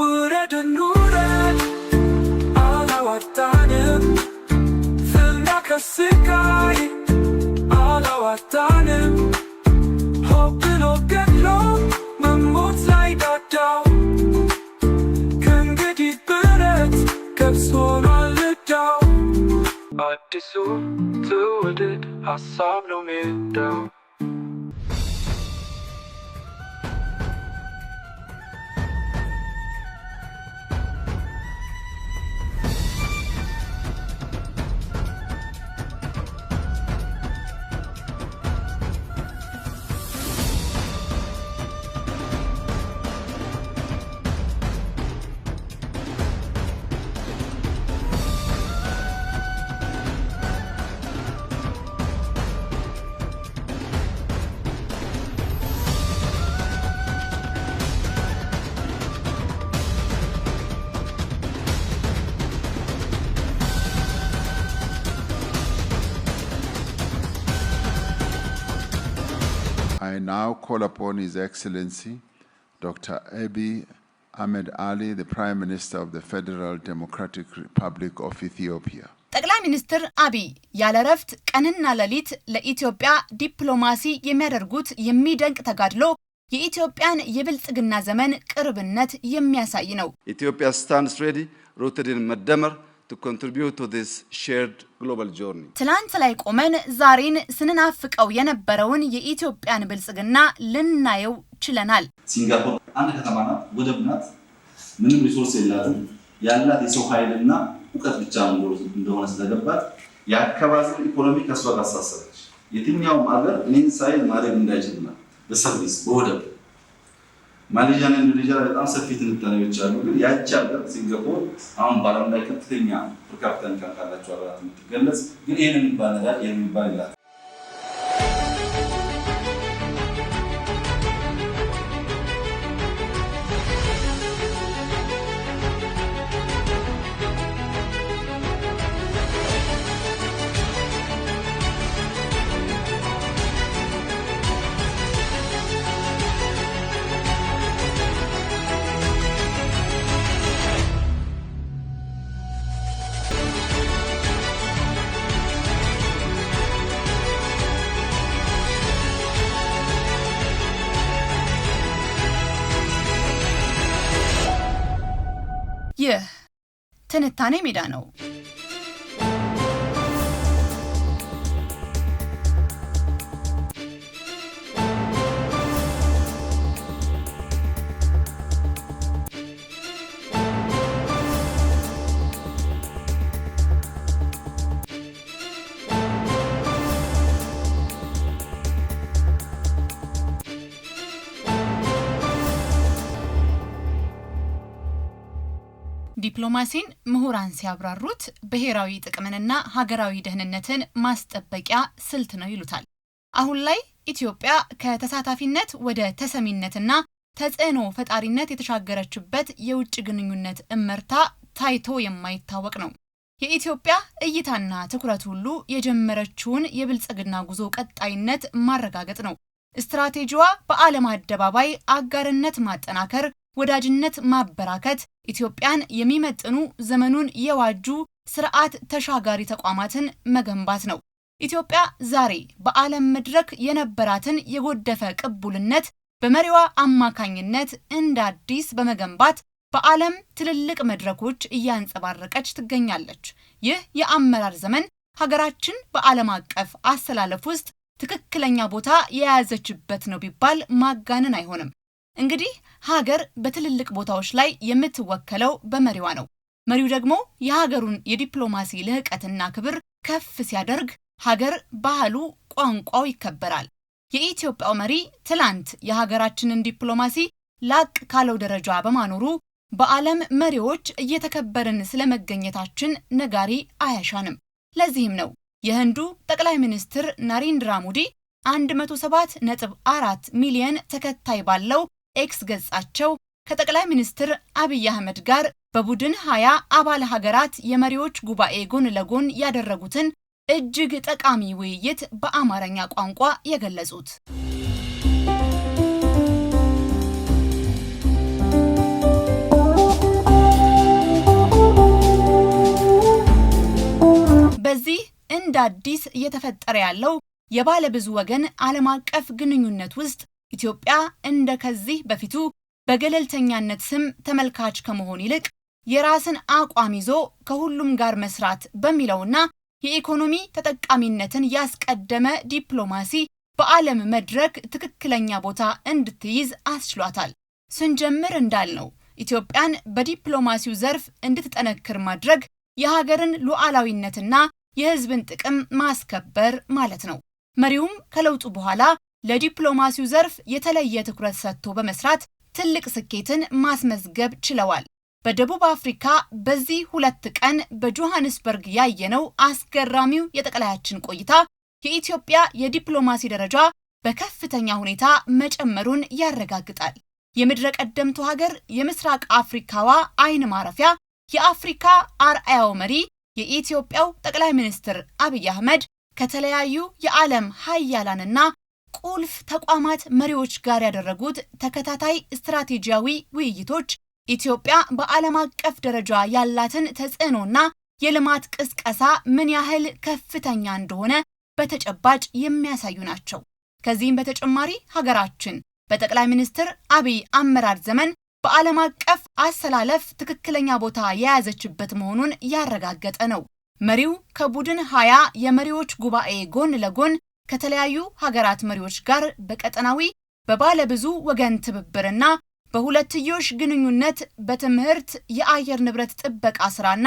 ውረድ እንውረድ አላዋጣንም፣ ፍና ከስቃይ አላዋጣንም። ሆብሎ ገድሎ መሞት ላይ ዳዳው ከእንግዲህ ብረት ገብስ ሆኗል ዕዳው። አዲሱ ትውልድ I now call upon His Excellency Dr. Abiy Ahmed Ali, the Prime Minister of the Federal Democratic Republic of Ethiopia. ጠቅላይ ሚኒስትር አቢይ ያለ እረፍት ቀንና ሌሊት ለኢትዮጵያ ዲፕሎማሲ የሚያደርጉት የሚደንቅ ተጋድሎ የኢትዮጵያን የብልጽግና ዘመን ቅርብነት የሚያሳይ ነው። ኢትዮጵያ ስታንድስ ሬዲ ሩትድ ኢን መደመር ቱ ኮንትሪቢዩት ቱ ዚስ ሼርድ ግሎባል ጆርኒ ትላንት ላይ ቆመን ዛሬን ስንናፍቀው የነበረውን የኢትዮጵያን ብልጽግና ልናየው ችለናል። ሲንጋፖር አንድ ከተማ ናት፣ ወደብ ናት፣ ምንም ሪሶርስ የላትም። ያላት የሰው ኃይልና እውቀት ብቻ እንደሆነ ስለገባት የአካባቢውን ኢኮኖሚ ከሷ ታሳሰረች። የትኛውም ሀገር እኔን ሳይል ማደግ እንዳይችልና በሰርቪስ በወደብ ማሌዥያ ማሌዥያና ኢንዶኔዥያ በጣም ሰፊ ትንታኔዎች አሉ። ግን ያቺ ሀገር ሲንጋፖር አሁን በዓለም ላይ ከፍተኛ ፐርካፒታ ኢንካም ካላቸው ሀገራት የምትገለጽ ግን ይህን የሚባል ነገር የሚባል ይላል ይህ ትንታኔ ሜዳ ነው። ዲፕሎማሲን ምሁራን ሲያብራሩት ብሔራዊ ጥቅምንና ሀገራዊ ደህንነትን ማስጠበቂያ ስልት ነው ይሉታል። አሁን ላይ ኢትዮጵያ ከተሳታፊነት ወደ ተሰሚነትና ተጽዕኖ ፈጣሪነት የተሻገረችበት የውጭ ግንኙነት እመርታ ታይቶ የማይታወቅ ነው። የኢትዮጵያ እይታና ትኩረት ሁሉ የጀመረችውን የብልጽግና ጉዞ ቀጣይነት ማረጋገጥ ነው። ስትራቴጂዋ በዓለም አደባባይ አጋርነት ማጠናከር፣ ወዳጅነት ማበራከት ኢትዮጵያን የሚመጥኑ ዘመኑን የዋጁ ስርዓት ተሻጋሪ ተቋማትን መገንባት ነው። ኢትዮጵያ ዛሬ በዓለም መድረክ የነበራትን የጎደፈ ቅቡልነት በመሪዋ አማካኝነት እንደ አዲስ በመገንባት በዓለም ትልልቅ መድረኮች እያንጸባረቀች ትገኛለች። ይህ የአመራር ዘመን ሀገራችን በዓለም አቀፍ አሰላለፍ ውስጥ ትክክለኛ ቦታ የያዘችበት ነው ቢባል ማጋነን አይሆንም። እንግዲህ ሀገር በትልልቅ ቦታዎች ላይ የምትወከለው በመሪዋ ነው። መሪው ደግሞ የሀገሩን የዲፕሎማሲ ልህቀትና ክብር ከፍ ሲያደርግ ሀገር ባህሉ፣ ቋንቋው ይከበራል። የኢትዮጵያው መሪ ትላንት የሀገራችንን ዲፕሎማሲ ላቅ ካለው ደረጃ በማኖሩ በዓለም መሪዎች እየተከበርን ስለመገኘታችን ነጋሪ አያሻንም። ለዚህም ነው የህንዱ ጠቅላይ ሚኒስትር ናሪንድራ 17 107.4 ሚሊየን ተከታይ ባለው ኤክስ ገጻቸው ከጠቅላይ ሚኒስትር አብይ አህመድ ጋር በቡድን ሀያ አባል ሀገራት የመሪዎች ጉባኤ ጎን ለጎን ያደረጉትን እጅግ ጠቃሚ ውይይት በአማርኛ ቋንቋ የገለጹት በዚህ እንደ አዲስ እየተፈጠረ ያለው የባለብዙ ወገን ዓለም አቀፍ ግንኙነት ውስጥ ኢትዮጵያ እንደ ከዚህ በፊቱ በገለልተኛነት ስም ተመልካች ከመሆን ይልቅ የራስን አቋም ይዞ ከሁሉም ጋር መስራት በሚለውና የኢኮኖሚ ተጠቃሚነትን ያስቀደመ ዲፕሎማሲ በዓለም መድረክ ትክክለኛ ቦታ እንድትይዝ አስችሏታል። ስንጀምር እንዳልነው ኢትዮጵያን በዲፕሎማሲው ዘርፍ እንድትጠነክር ማድረግ የሀገርን ሉዓላዊነትና የሕዝብን ጥቅም ማስከበር ማለት ነው። መሪውም ከለውጡ በኋላ ለዲፕሎማሲው ዘርፍ የተለየ ትኩረት ሰጥቶ በመስራት ትልቅ ስኬትን ማስመዝገብ ችለዋል። በደቡብ አፍሪካ በዚህ ሁለት ቀን በጆሃንስበርግ ያየነው አስገራሚው የጠቅላያችን ቆይታ የኢትዮጵያ የዲፕሎማሲ ደረጃ በከፍተኛ ሁኔታ መጨመሩን ያረጋግጣል። የምድረ ቀደምቱ ሀገር የምስራቅ አፍሪካዋ አይን ማረፊያ፣ የአፍሪካ አርአያው መሪ የኢትዮጵያው ጠቅላይ ሚኒስትር አብይ አህመድ ከተለያዩ የዓለም ሀያላንና ቁልፍ ተቋማት መሪዎች ጋር ያደረጉት ተከታታይ ስትራቴጂያዊ ውይይቶች ኢትዮጵያ በዓለም አቀፍ ደረጃ ያላትን ተጽዕኖና የልማት ቅስቀሳ ምን ያህል ከፍተኛ እንደሆነ በተጨባጭ የሚያሳዩ ናቸው። ከዚህም በተጨማሪ ሀገራችን በጠቅላይ ሚኒስትር አብይ አመራር ዘመን በዓለም አቀፍ አሰላለፍ ትክክለኛ ቦታ የያዘችበት መሆኑን ያረጋገጠ ነው። መሪው ከቡድን ሀያ የመሪዎች ጉባኤ ጎን ለጎን ከተለያዩ ሀገራት መሪዎች ጋር በቀጠናዊ በባለ ብዙ ወገን ትብብርና በሁለትዮሽ ግንኙነት በትምህርት፣ የአየር ንብረት ጥበቃ ስራና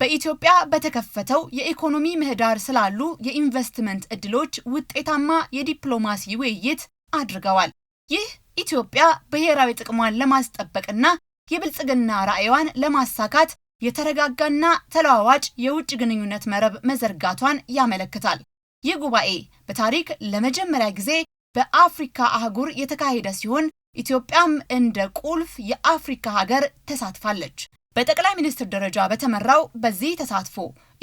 በኢትዮጵያ በተከፈተው የኢኮኖሚ ምህዳር ስላሉ የኢንቨስትመንት ዕድሎች ውጤታማ የዲፕሎማሲ ውይይት አድርገዋል። ይህ ኢትዮጵያ ብሔራዊ ጥቅሟን ለማስጠበቅና የብልጽግና ራዕይዋን ለማሳካት የተረጋጋና ተለዋዋጭ የውጭ ግንኙነት መረብ መዘርጋቷን ያመለክታል። ይህ ጉባኤ በታሪክ ለመጀመሪያ ጊዜ በአፍሪካ አህጉር የተካሄደ ሲሆን ኢትዮጵያም እንደ ቁልፍ የአፍሪካ ሀገር ተሳትፋለች። በጠቅላይ ሚኒስትር ደረጃ በተመራው በዚህ ተሳትፎ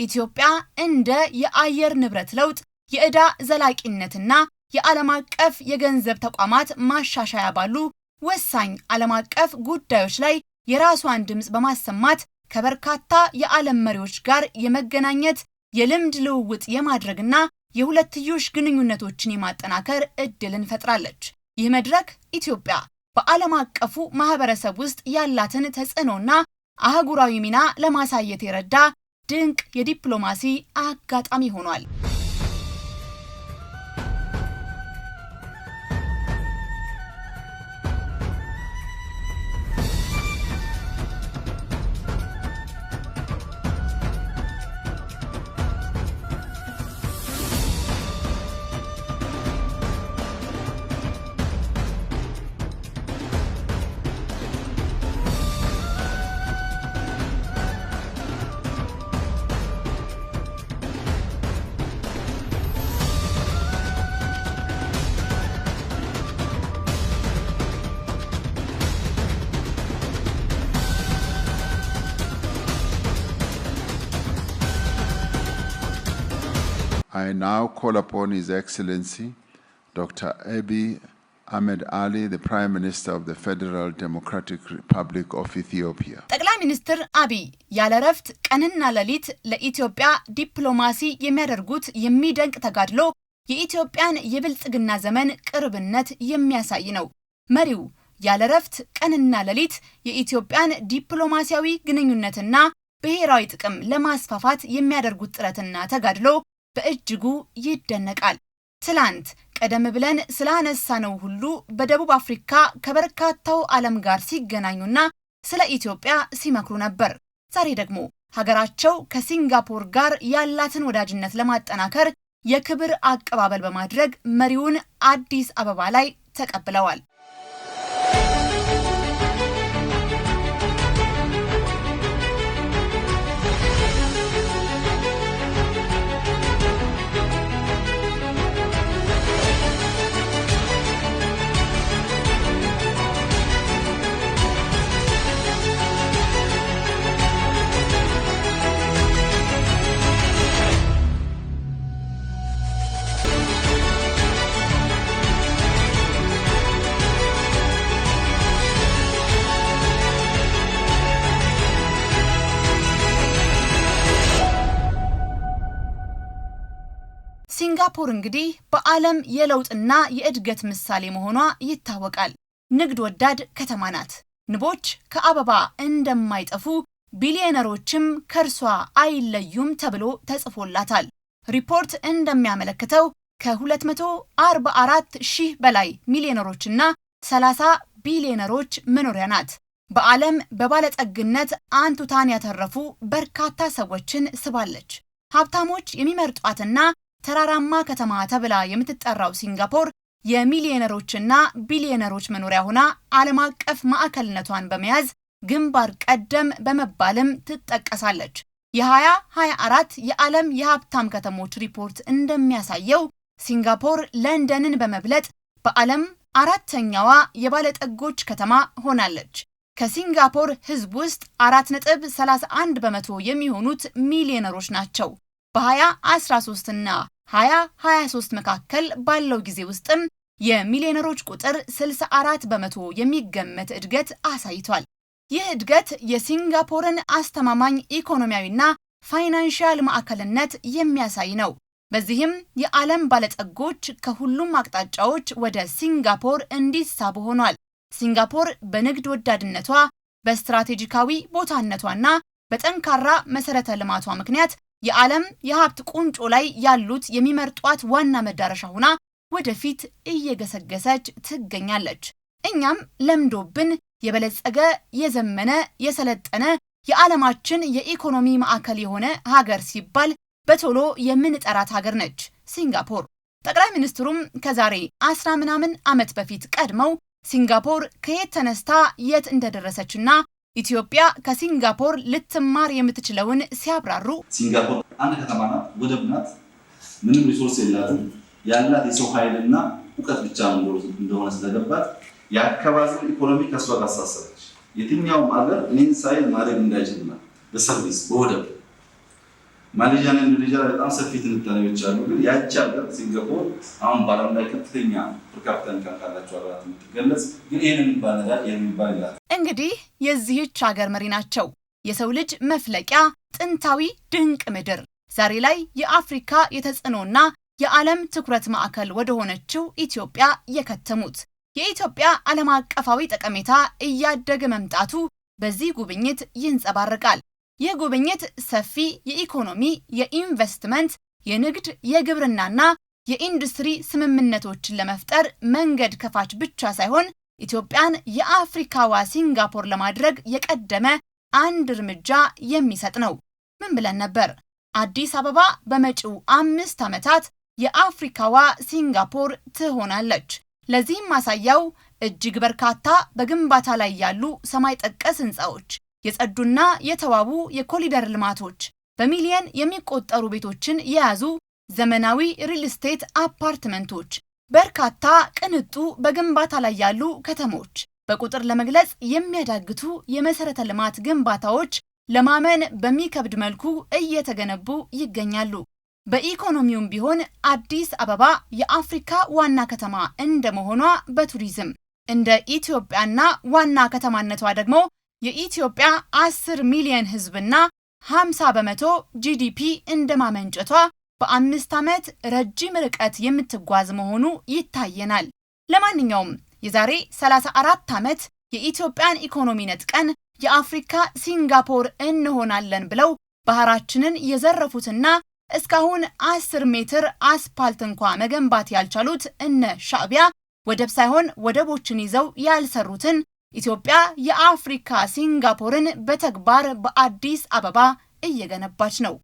ኢትዮጵያ እንደ የአየር ንብረት ለውጥ፣ የዕዳ ዘላቂነትና የዓለም አቀፍ የገንዘብ ተቋማት ማሻሻያ ባሉ ወሳኝ ዓለም አቀፍ ጉዳዮች ላይ የራሷን ድምፅ በማሰማት ከበርካታ የዓለም መሪዎች ጋር የመገናኘት የልምድ ልውውጥ የማድረግና የሁለትዮሽ ግንኙነቶችን የማጠናከር እድልን ፈጥራለች። ይህ መድረክ ኢትዮጵያ በዓለም አቀፉ ማህበረሰብ ውስጥ ያላትን ተጽዕኖና አህጉራዊ ሚና ለማሳየት የረዳ ድንቅ የዲፕሎማሲ አጋጣሚ ሆኗል። I now call upon His Excellency Dr. Abiy አህመድ አሊ ፕራይም ሚኒስተር ኦፍ ፌደራል ዴሞክራቲክ ሪፐብሊክ ኦፍ ኢትዮጵያ። ጠቅላይ ሚኒስትር አቢይ ያለ እረፍት ቀንና ሌሊት ለኢትዮጵያ ዲፕሎማሲ የሚያደርጉት የሚደንቅ ተጋድሎ የኢትዮጵያን የብልጽግና ዘመን ቅርብነት የሚያሳይ ነው። መሪው ያለ እረፍት ቀንና ሌሊት የኢትዮጵያን ዲፕሎማሲያዊ ግንኙነትና ብሔራዊ ጥቅም ለማስፋፋት የሚያደርጉት ጥረትና ተጋድሎ በእጅጉ ይደነቃል። ትላንት ቀደም ብለን ስላነሳነው ሁሉ በደቡብ አፍሪካ ከበርካታው ዓለም ጋር ሲገናኙና ስለ ኢትዮጵያ ሲመክሩ ነበር። ዛሬ ደግሞ ሀገራቸው ከሲንጋፖር ጋር ያላትን ወዳጅነት ለማጠናከር የክብር አቀባበል በማድረግ መሪውን አዲስ አበባ ላይ ተቀብለዋል። ሲንጋፖር እንግዲህ በዓለም የለውጥና የእድገት ምሳሌ መሆኗ ይታወቃል። ንግድ ወዳድ ከተማ ናት። ንቦች ከአበባ እንደማይጠፉ ቢሊዮነሮችም ከእርሷ አይለዩም ተብሎ ተጽፎላታል። ሪፖርት እንደሚያመለክተው ከ244 ሺህ በላይ ሚሊዮነሮችና 30 ቢሊዮነሮች መኖሪያ ናት። በዓለም በባለጸግነት አንቱታን ያተረፉ በርካታ ሰዎችን ስባለች። ሀብታሞች የሚመርጧትና ተራራማ ከተማ ተብላ የምትጠራው ሲንጋፖር የሚሊዮነሮችና ቢሊዮነሮች መኖሪያ ሆና ዓለም አቀፍ ማዕከልነቷን በመያዝ ግንባር ቀደም በመባልም ትጠቀሳለች። የ2024 የዓለም የሀብታም ከተሞች ሪፖርት እንደሚያሳየው ሲንጋፖር ለንደንን በመብለጥ በዓለም አራተኛዋ የባለጠጎች ከተማ ሆናለች። ከሲንጋፖር ሕዝብ ውስጥ 4.31 በመቶ የሚሆኑት ሚሊዮነሮች ናቸው። በ2013 እና 2023 መካከል ባለው ጊዜ ውስጥም የሚሊዮነሮች ቁጥር 64 በመቶ የሚገመት እድገት አሳይቷል። ይህ እድገት የሲንጋፖርን አስተማማኝ ኢኮኖሚያዊና ፋይናንሻል ማዕከልነት የሚያሳይ ነው። በዚህም የዓለም ባለጸጎች ከሁሉም አቅጣጫዎች ወደ ሲንጋፖር እንዲሳቡ ሆኗል። ሲንጋፖር በንግድ ወዳድነቷ፣ በስትራቴጂካዊ ቦታነቷና በጠንካራ መሰረተ ልማቷ ምክንያት የዓለም የሀብት ቁንጮ ላይ ያሉት የሚመርጧት ዋና መዳረሻ ሆና ወደፊት እየገሰገሰች ትገኛለች። እኛም ለምዶብን የበለጸገ የዘመነ የሰለጠነ የዓለማችን የኢኮኖሚ ማዕከል የሆነ ሀገር ሲባል በቶሎ የምንጠራት ሀገር ነች ሲንጋፖር። ጠቅላይ ሚኒስትሩም ከዛሬ አስራ ምናምን ዓመት በፊት ቀድመው ሲንጋፖር ከየት ተነስታ የት እንደደረሰችና ኢትዮጵያ ከሲንጋፖር ልትማር የምትችለውን ሲያብራሩ ሲንጋፖር አንድ ከተማ ናት፣ ወደብ ናት፣ ምንም ሪሶርስ የላትም። ያላት የሰው ኃይልና እውቀት ብቻ እንደሆነ ስለገባት የአካባቢ ኢኮኖሚ ከእሷ ጋር አሳሰረች። የትኛውም ሀገር እኔን ሳይል ማድረግ እንዳይችልና በሰርቪስ በወደብ ማሌዥያና ኢንዶኔዥያ ላይ በጣም ሰፊ ትንታኔዎች አሉ። ግን ያቺ ሀገር ሲንጋፖር አሁን በዓለም ላይ ከፍተኛ ፕርካፕታ ኢንካም ካላቸው ሀገራት የምትገለጽ ግን ይህን የሚባል ነገር የሚባል ይላል። እንግዲህ የዚህች ሀገር መሪ ናቸው። የሰው ልጅ መፍለቂያ ጥንታዊ ድንቅ ምድር ዛሬ ላይ የአፍሪካ የተጽዕኖና የዓለም ትኩረት ማዕከል ወደ ሆነችው ኢትዮጵያ የከተሙት የኢትዮጵያ ዓለም አቀፋዊ ጠቀሜታ እያደገ መምጣቱ በዚህ ጉብኝት ይንጸባረቃል። ይህ ጉብኝት ሰፊ የኢኮኖሚ፣ የኢንቨስትመንት፣ የንግድ፣ የግብርናና የኢንዱስትሪ ስምምነቶችን ለመፍጠር መንገድ ከፋች ብቻ ሳይሆን ኢትዮጵያን የአፍሪካዋ ሲንጋፖር ለማድረግ የቀደመ አንድ እርምጃ የሚሰጥ ነው። ምን ብለን ነበር? አዲስ አበባ በመጪው አምስት ዓመታት የአፍሪካዋ ሲንጋፖር ትሆናለች። ለዚህም ማሳያው እጅግ በርካታ በግንባታ ላይ ያሉ ሰማይ ጠቀስ ህንፃዎች? የጸዱና የተዋቡ የኮሊደር ልማቶች በሚሊየን የሚቆጠሩ ቤቶችን የያዙ ዘመናዊ ሪል ስቴት አፓርትመንቶች፣ በርካታ ቅንጡ በግንባታ ላይ ያሉ ከተሞች፣ በቁጥር ለመግለጽ የሚያዳግቱ የመሰረተ ልማት ግንባታዎች ለማመን በሚከብድ መልኩ እየተገነቡ ይገኛሉ። በኢኮኖሚውም ቢሆን አዲስ አበባ የአፍሪካ ዋና ከተማ እንደመሆኗ በቱሪዝም እንደ ኢትዮጵያና ዋና ከተማነቷ ደግሞ የኢትዮጵያ 10 ሚሊዮን ህዝብና 50 በመቶ ጂዲፒ እንደማመንጨቷ በአምስት ዓመት ረጅም ርቀት የምትጓዝ መሆኑ ይታየናል። ለማንኛውም የዛሬ 34 ዓመት የኢትዮጵያን ኢኮኖሚ ነጥቀን የአፍሪካ ሲንጋፖር እንሆናለን ብለው ባህራችንን የዘረፉትና እስካሁን 10 ሜትር አስፓልት እንኳ መገንባት ያልቻሉት እነ ሻዕቢያ ወደብ ሳይሆን ወደቦችን ይዘው ያልሰሩትን ኢትዮጵያ የአፍሪካ ሲንጋፖርን በተግባር በአዲስ አበባ እየገነባች ነው።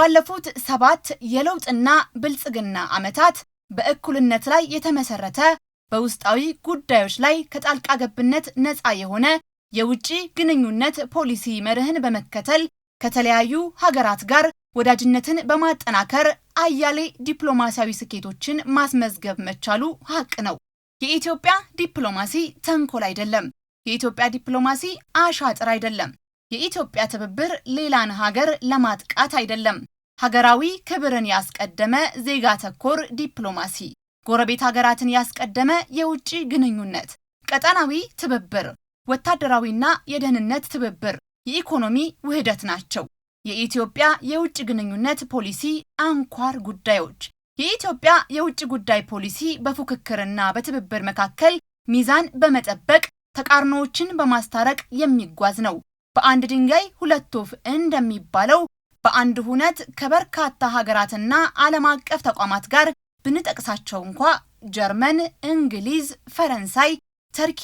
ባለፉት ሰባት የለውጥና ብልጽግና ዓመታት በእኩልነት ላይ የተመሰረተ በውስጣዊ ጉዳዮች ላይ ከጣልቃ ገብነት ነፃ የሆነ የውጭ ግንኙነት ፖሊሲ መርህን በመከተል ከተለያዩ ሀገራት ጋር ወዳጅነትን በማጠናከር አያሌ ዲፕሎማሲያዊ ስኬቶችን ማስመዝገብ መቻሉ ሀቅ ነው። የኢትዮጵያ ዲፕሎማሲ ተንኮል አይደለም። የኢትዮጵያ ዲፕሎማሲ አሻጥር አይደለም። የኢትዮጵያ ትብብር ሌላን ሀገር ለማጥቃት አይደለም፣ ሀገራዊ ክብርን ያስቀደመ ዜጋ ተኮር ዲፕሎማሲ፣ ጎረቤት ሀገራትን ያስቀደመ የውጭ ግንኙነት፣ ቀጠናዊ ትብብር፣ ወታደራዊና የደህንነት ትብብር፣ የኢኮኖሚ ውህደት ናቸው። የኢትዮጵያ የውጭ ግንኙነት ፖሊሲ አንኳር ጉዳዮች። የኢትዮጵያ የውጭ ጉዳይ ፖሊሲ በፉክክርና በትብብር መካከል ሚዛን በመጠበቅ ተቃርኖዎችን በማስታረቅ የሚጓዝ ነው። በአንድ ድንጋይ ሁለት ወፍ እንደሚባለው በአንድ ሁነት ከበርካታ ሀገራትና ዓለም አቀፍ ተቋማት ጋር ብንጠቅሳቸው እንኳ ጀርመን፣ እንግሊዝ፣ ፈረንሳይ፣ ተርኬ፣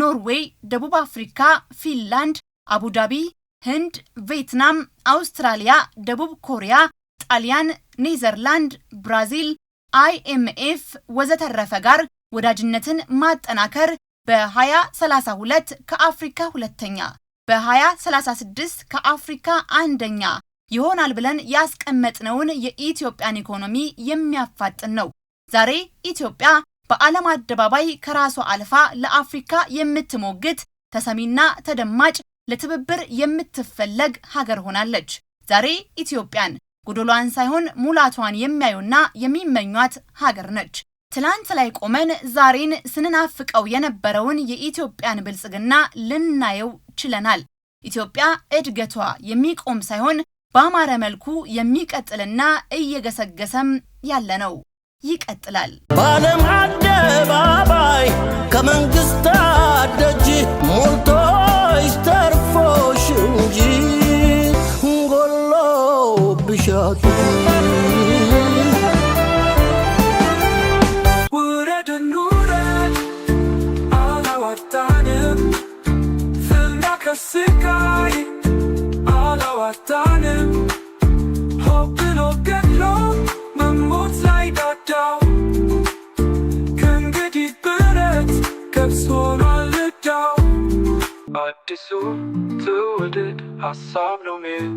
ኖርዌይ፣ ደቡብ አፍሪካ፣ ፊንላንድ፣ አቡዳቢ፣ ህንድ፣ ቪየትናም፣ አውስትራሊያ፣ ደቡብ ኮሪያ፣ ጣሊያን፣ ኔዘርላንድ፣ ብራዚል፣ አይኤምኤፍ ወዘተረፈ ጋር ወዳጅነትን ማጠናከር በ2032 ከአፍሪካ ሁለተኛ በ2036 ከአፍሪካ አንደኛ ይሆናል ብለን ያስቀመጥነውን የኢትዮጵያን ኢኮኖሚ የሚያፋጥን ነው። ዛሬ ኢትዮጵያ በዓለም አደባባይ ከራሷ አልፋ ለአፍሪካ የምትሞግት ተሰሚና ተደማጭ ለትብብር የምትፈለግ ሀገር ሆናለች። ዛሬ ኢትዮጵያን ጎዶሏን ሳይሆን ሙላቷን የሚያዩና የሚመኟት ሀገር ነች። ትላንት ላይ ቆመን ዛሬን ስንናፍቀው የነበረውን የኢትዮጵያን ብልጽግና ልናየው ችለናል። ኢትዮጵያ እድገቷ የሚቆም ሳይሆን በአማረ መልኩ የሚቀጥልና እየገሰገሰም ያለ ነው። ይቀጥላል። በዓለም አደባባይ ከመንግስታት ደጅ ሞልቶሽ ተርፎሽ እንጂ ጎሎ ብሻቱ sobram meus